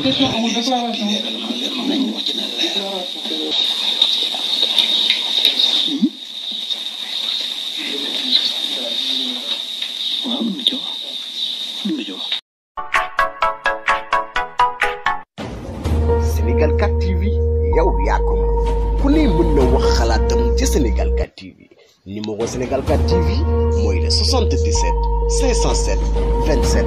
question Sénégal 4 TV yow yaa ku ne mën na xalaatam ci Sénégal 4 TV numéro Sénégal 4 TV mooy le 77 507 27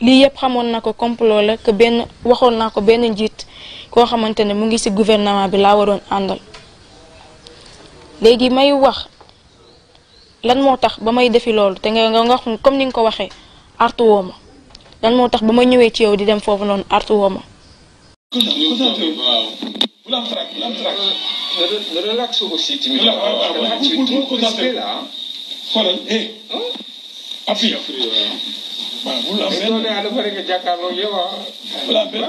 lii yëpp xamoon na ko complot la que benn waxoon naa ko benn njiit koo xamante ne mu ngi ci gouvernement bi laa waroon àndal léegi may wax lan moo tax ba may defi loolu te nga nga wax comme ni nga ko waxe artu woo ma lan moo tax ba ma ñëwee ci yow di dem foofu noonu artu woo ma. voilà bu la am benn mais dafa nekk jàkkaarloo yow ah. voilà benn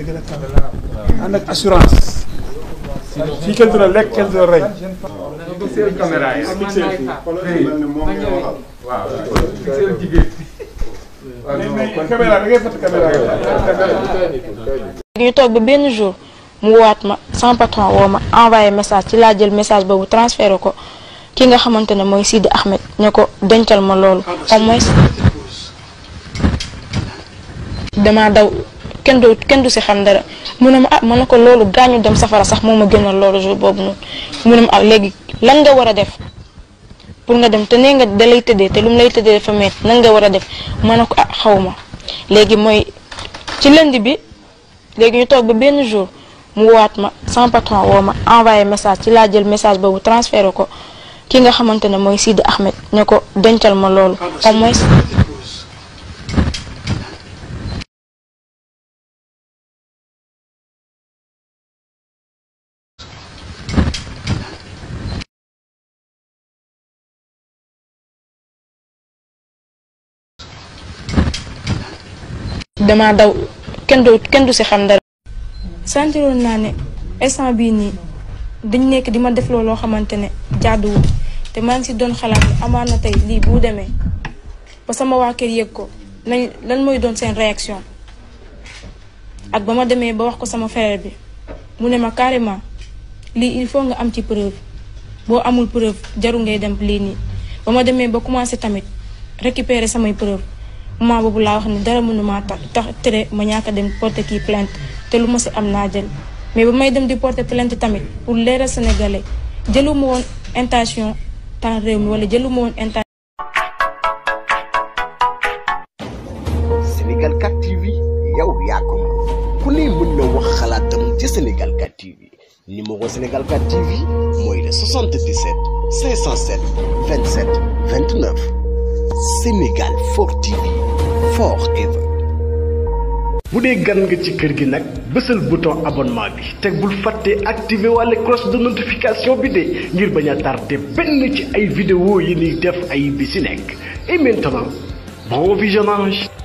dëgg la tamit ànd ak assurance. fii kenn du ñu toog ba benn jour mu waat ma sama patron woo ma envoyé message ci laa jël message boobu transféré ko ki nga xamante ne mooy Sidi Ahmed ña ko dencal ma loolu au moins. damaa daw. kenn du kenn du si xam dara mu ne ma ah ma ne ko loolu gaañu dem safara sax moom ma gënal loolu jour boobu noonu mu ne ma ah, léegi lan nga war a def pour nga dem te nee nga da lay te lu lay tëddee dafa metti nan nga war a def ma ne ko a ah, xaw ma léegi mooy ci lënd bi léegi ñu toog ba benn jour mu waat ma sans patron woo ma envoyé message ci laa jël message boobu transféré ko ki nga xamante ne mooy Sidi Ahmed ñu ko dencal ma loolu au moins damaa daw kenn du kenn du si xam dara. sentiroon naa ne instant bii nii dañ nekk di ma def loo xamante ne jaaduwul te maa ngi si doon xalaat ne na tey lii bu demee ba sama waa kër yëg ko nañ lan mooy doon seen réaction ak ba ma demee ba wax ko sama frère bi mu ne ma carrément lii il faut nga am ci preuve boo amul preuve jaru ngay dem lii nii ba ma demee ba commencé tamit récupérer samay preuve moment boobu laa wax ne dara mënuma tax tax tere ma ñàkk a dem porter kii plante te lu ma si am naa jël mais ba may dem di porter plainte tamit pour leeral sénégalais jëluma woon intention temps réew mi wala jëluma woon intention. Sénégal 4 TV yow yaa ko ku ne mën na wax xalaatam ci Sénégal 4 TV numéro Sénégal 4 TV mooy le 77 507 27 29. Sénégal 4 TV forever. bu dee gan nga ci kër gi nag bésal bouton abonnement bi teg bul fàtte activé walla cloche de notification bi de ngir bañ a tardé benn ci ay vidéo yi ni def ay bi ci nekk et maintenant bon visionnage.